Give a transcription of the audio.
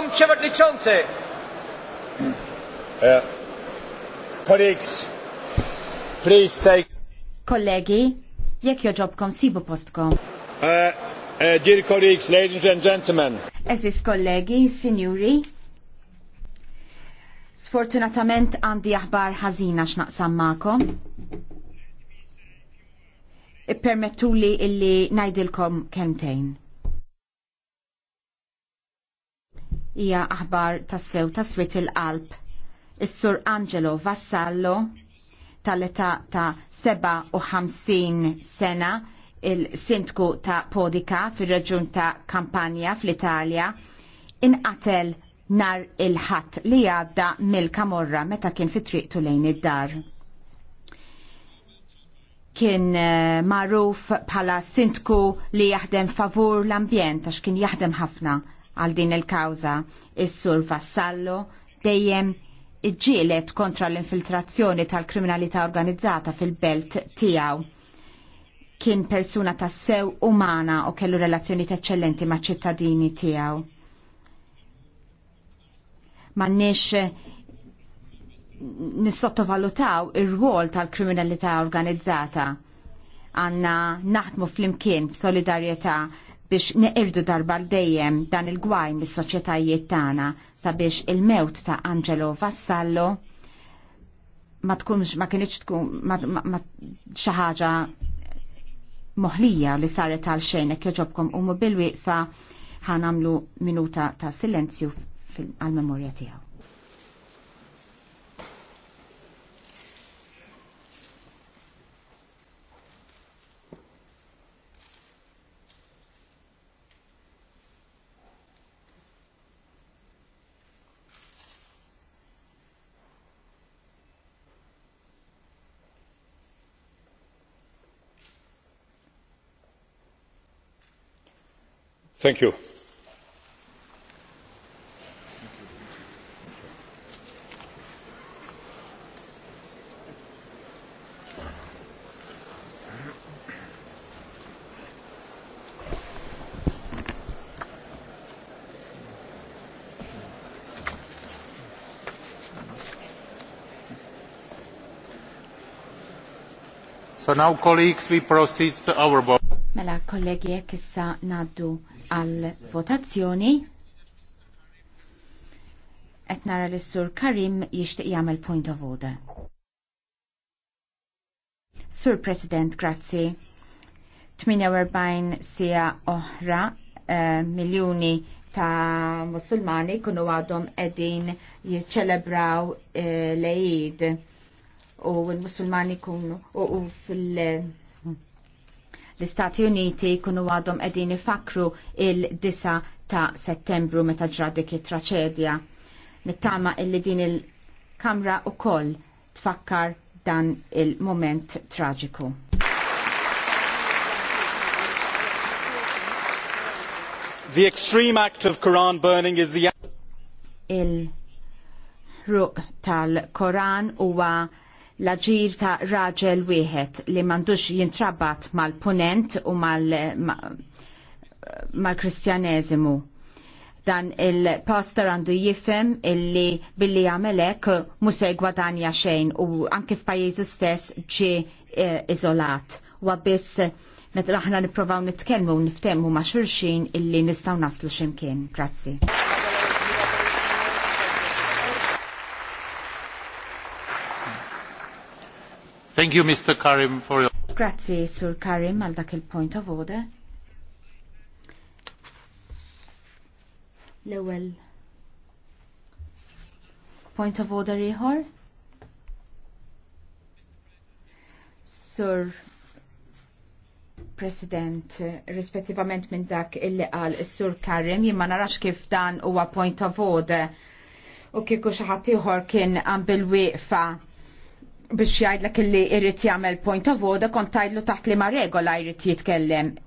Pan Przewodniczący! E, colleagues, please take... Kollegi, jekk joġobkom sibu postkom. Uh, uh, dear colleagues, ladies and gentlemen. Eżis kollegi, signori. sfortunatament għandi aħbar ħażina x'naqsam magħkom. Ippermettuli illi ngħidilkom kemtejn. hija aħbar tassew taswit il-qalb. Is-Sur Angelo Vassallo tal-età ta' 57 sena il sintku ta' Podika fir-reġjun ta' Kampanja fl-Italja inqatel nar il-ħadd li għadda mill-kamorra meta kien fi triqtu lejn id-dar. Kien eh, magħruf bħala sintku li jaħdem favur l-ambjent għax kien jaħdem ħafna għal din il-kawza. Is-sur Vassallo dejjem iġġielet kontra l-infiltrazzjoni tal-kriminalità organizzata fil-belt tiegħu. Kien persuna ta' sew umana u kellu relazzjoni eccellenti ma' ċittadini tiegħu. Mannix nissottovalutaw ir-rwol tal-kriminalità organizzata għanna naħdmu fl-imkien b'solidarjetà biex neqirdu darba dejjem dan il-gwajn mis soċjetajiet tagħna sabiex il-mewt ta' Angelo Vassallo ma tkunx ma kienx tkun ma, ma, ma xi ħaġa moħlija li saret għal xejn jekk joġobkom u mobil wieqfa ħanamlu minuta ta' silenzju għal memorja tiegħu. Thank you. So now, colleagues, we proceed to our vote. Kollegi, jekk issa naddu għal votazzjoni. Qed nara l sur Karim jixtieq jagħmel point of order. Sur President, grazzi. 48 sija oħra eh, miljuni ta' musulmani kunu għadhom edin jiċċelebraw eh, l-Eid u l-musulmani kunu u, u fil- L-Istati Uniti kunu għadhom qegħdin ifakru il-9 ta' settembru meta ġradik it-traċedja. Nittama illi din il-kamra u koll tfakkar dan il-moment traġiku. The extreme act of Quran burning is the il ruq tal-Koran huwa l-aġir ta' raġel wieħed li mandux jintrabat mal-punent u mal kristjanezimu Dan il-pastor għandu jifem illi billi għamelek musa jgwadanja xejn u anki f'pajjiżu stess ġi eh, izolat. U għabis meta aħna nitkelmu nitkellmu u niftemmu ma' xurxin illi nistaw naslu ximkien. Grazzi. Thank you, Mr. Karim, for your... Grazie, Sur Karim, għal dak il-point of order. L-ewel point of order ieħor. Sur President, rispettivament minn dak illi qal is-Sur Karim, jien ma narax kif dan huwa point of order u kieku xi ħadd ieħor kien għam bil-wieqfa biex jgħidlek illi irrid jagħmel point of order kont tajlu taħt li ma regola jrid jitkellem.